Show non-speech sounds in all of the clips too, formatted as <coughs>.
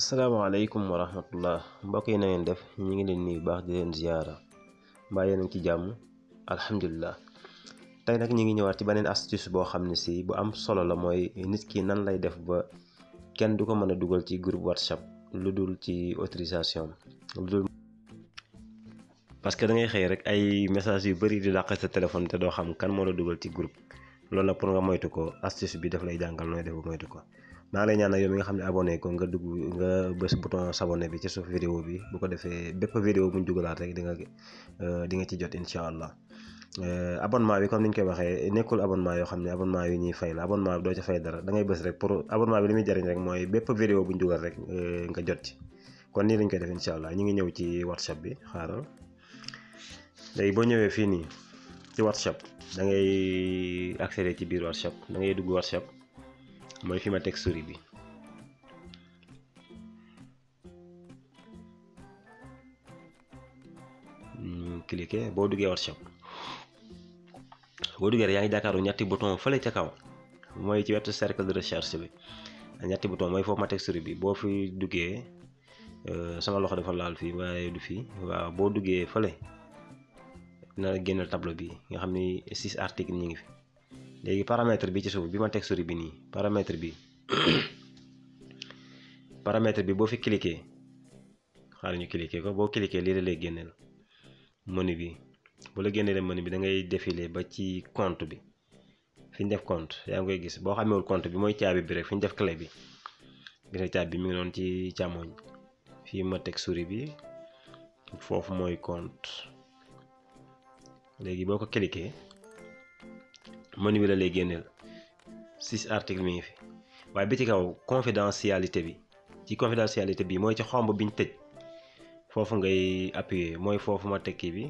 asalaamaaleykum wa rahmatullah mbokk yi na def ñu ngi leen nuyu baax di leen ziyaara mbaa yéen ci jàmm alhamdulilah tey nag ñu ngi ñëwaat ci beneen astuce boo xam ne si bu am solo la mooy nit ki nan lay def ba kenn du ko mën a dugal ci groupe whatsapp lu dul ci autorisation lu dul parce que da ngay xëy rek ay message yu bari di dàq sa téléphone te doo xam kan moo la dugal ci group loolu nag pour nga moytu ko astuce bi daf lay jàngal nooy def ba moytu maa ngi lay ñaanal yow mi nga xam ne abonné ko nga dugg nga bës bouton s'abonné bi ci suuf vidéo bi bu ko defee bépp vidéo bu ñu dugalaat rek di nga euh, di nga ci jot incha allah euh, abonnement bi comme ni ñu koy waxee nekkul abonnement yoo xam ne abonnement yu ñuy fay la abonnement bi doo ca fay dara da ngay bës rek pour abonnement bi li muy jëriñ rek mooy bépp vidéo bu ñu dugal rek euh, nga jot ci kon nii lañ koy def incha allah ñu ngi ñëw ci whatsapp bi xaaral léegi boo ñëwee fii nii ci whatsapp da ngay accéder ci biir whatsapp da ngay dugg whatsapp. mooy fi ma teg souris bi ñu hmm, cliquer boo duggee workshop boo duggee rek yaa ngi jàkkaaru ñetti bouton fële ca kaw mooy ci wet cercle de recherche bi ñetti bouton mooy foofu ma teg souris bi boo fi duggee euh, sama loxo dafa laal fii waaye du fii waaw boo duggee fële na génnal tableau bi nga xam ni six articles ñu ngi fi léegi paramètre bi ci suuf bi ma teg souris bi nii paramètre bi <coughs> paramètre bi boo fi cliquer xaar ñu cliquer ko boo cliquer lii la lay génneel menu bi bu la génneelee menu bi da ngay défiler ba ci compte bi fi ñu def compte yaa ngi koy gis boo xamewul compte bi mooy caabi bi rek fi ñu def clé bi gis caabi bi mu ngi noonu ci càmmoñ fii ma teg souris bi foofu mooy compte léegi boo ko cliquer menu bi la lay génneel six articles mi ngi fi waaye bi ci kaw confidentialité bi ci confidentialité bi mooy ci xomb biñ tëj foofu ngay appuyer mooy foofu ma tekki bi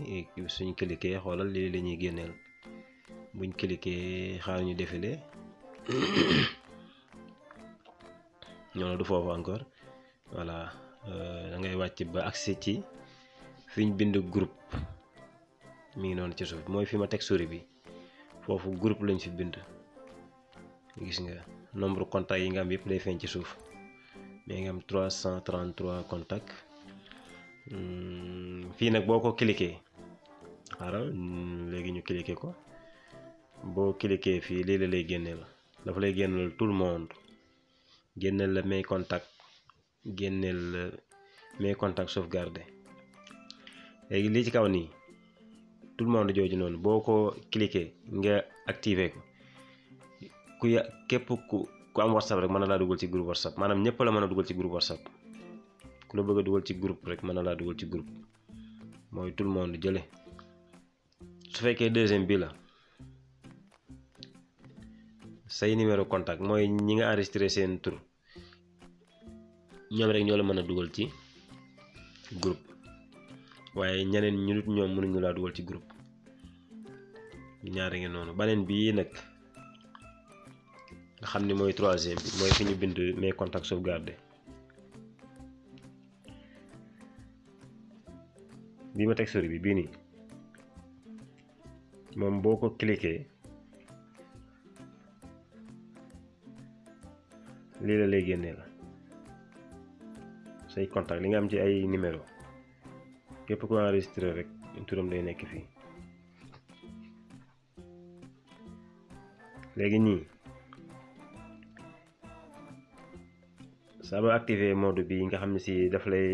suñ cliquer xoolal lii la génneel buñ cliquer xaar ñu défilé ñoo <coughs> du foofu encore voilà euh, da ngay wàcc ba accès ci fiñ bind groupe mi ngi noonu ci suuf mooy fi ma teg souris bi foofu groupe lañ fi bind gis nga nombre contact yi nga am yëpp day feeñ ci suuf mais nga am 333 contact hmm, fii nag boo ko cliquer xaaral hmm, léegi ñu cliquer ko boo cliquer fii lii la lay génneel dafa lay génneel tout le monde génneel la mes contacts génneel la mes contacts sauvegardés léegi lii ci kaw nii tout le monde jooju noonu boo ko cliquer nga activer ko ku ya képp ku ku am whatsapp rek mën na laa dugal ci groupe whatsapp maanaam ñëpp la mën a dugal ci groupe whatsapp ku la bëgg a dugal ci groupe rek mën na laa dugal ci groupe mooy tout le monde jële su fekkee deuxième bi la say numéro contact mooy ñi nga enregistré seen tur ñoom rek ñoo la mën a dugal ci groupe waaye ñeneen ñu dut ñoom mënuñu laa duwal ci groupe ñaari ngeen noonu baneen bii nag nga xam ni mooy troisième bi mooy fi ñu bind mes contacts sauvegardés bii ma teg sori bi bii nii moom boo ko cliquer lii la lay génnee la say contact li nga am ci ay numéro képp ko enregistré rek turam day nekk fii léegi nii saa ma activé mode bi nga xam ne si daf lay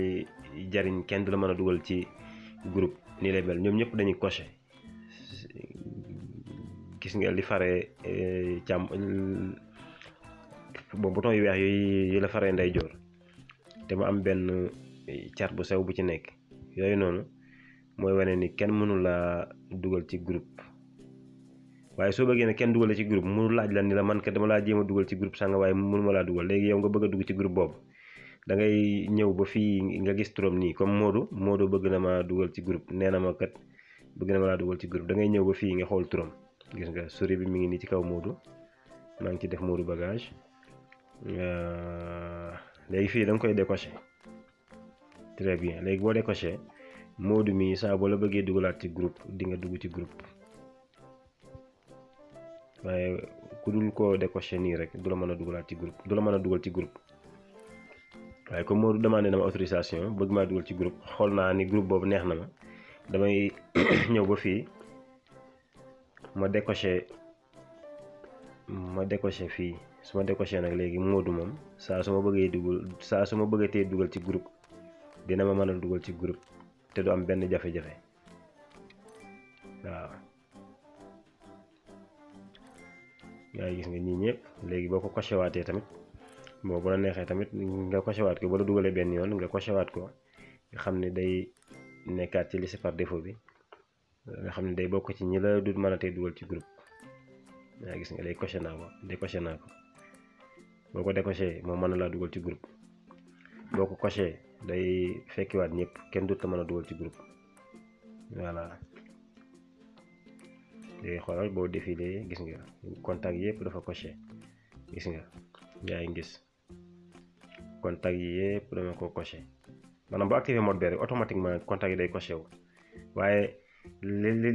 jariñ kenn du la mën a dugal ci groupe ni lay mel ñoom ñëpp dañuy coché gis nga li fare eh, càmm bon bouton yu weex yooyu yi la fare ndeyjoor te mu am benn eh, cat bu sew bu ci nekk yooyu noonu mooy wenee ni kenn mënu laa dugal ci groupe waaye soo bëggee ne kenn dugal ci groupe mënu laaj la ni la man kat dama laa jéem dugal ci groupe sanga waaye mënu ma laa dugal léegi yow nga bëgg a dugg ci groupe boobu dangay ñëw ba fii nga gis turam nii comme Modou Modou bëgg na ma dugal ci groupe nee na ma kat bëgg na ma laa dugal ci groupe dangay ñëw ba fii nga xool turam gis nga souris bi mu ngi nii ci kaw Modou maa ngi ci def Modou bagage euh, léegi fii da koy décoché tre bien léegi boo décoché Modou mi saa boo la bëggee dugalaat ci group di nga dugg ci groupe waaye ku dul ko décoché nii rek du la mën a dugalaat ci groupe du la mën a dugal ci group waaye comme Modou demandé na ma bëgg maa dugal ci groupe xool naa ni groupe boobu neex na ma damay <clears throat> ñëw ba fii ma décoché ma décoché fii su ma décoché nag léegi Modou moom saa su ma bëggee dugal saa su ma bëggatee dugal ci group dina ma mën a dugal ci groupe te du am benn jafe-jafe waaw yaa gis nga ñii ñëpp léegi boo ko coché waatee tamit boo bu neexee tamit nga coché waat ko ba la dugalee benn yoon nga coché waat ko nga xam ni day nekkaat ci liste par défaut bi nga xam ne day bokk ci ñi la du mën a tey dugal ci groupe yaa gis nga day coché naa ko décoché naa ko boo ko décoché moo mën na laa dugal ci groupe boo ko coché day fekkiwaat ñëpp kenn du ta mën a dugal ci groupe voilà xoolal boo défilé gis nga contact yëpp dafa coché gis nga yaa ngi gis contact yi yëpp dama ko coché maanaam boo activé mode vert automatiquement contact yi day coché wu waaye li li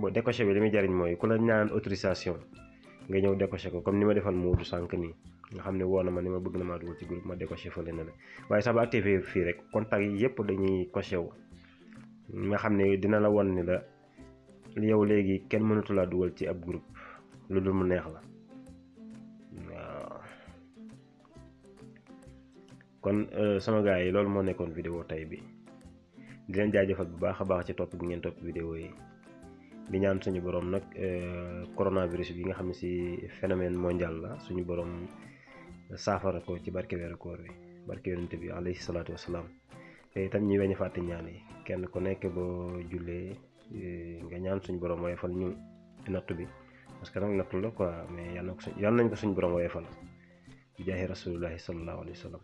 boo décoché bi li muy jariñ mooy ku la ñaan autorisation nga ñëw décoché ko comme ni ma defoon Moodu sànq nii nga xam ne woo na ma ni ma bëgg na maa dugal ci groupe ma décoché fële na la waaye sax ba activé fii rek contact yi yëpp dañuy coché wu nga xam ne dina la won ni la lu yow léegi kenn mënatu laa dugal ci ab groupe lu dul mu neex la waaw kon euh, sama gars yi loolu moo nekkoon vidéo tey bi di leen jaajëfal bu baax a baax ci topp bi ngeen topp vidéo yi di ñaan suñu borom nag euh, coronavirus bi nga xam ne ci phénomène mondial la suñu borom saafara ko ci barke weeru koor bi barke yonent bi alayhi salaatu wasalaam te itam ñuy weñ fàtte ñaan kenn ku nekk boo jullee eh, nga ñaan suñ borom woyofal ñu nattu bi parce que nag nattu la mais yal na ko suñ yal nañ ko suñ borom woyofal bi jaahi rasulillahi sallallahu alayhi wa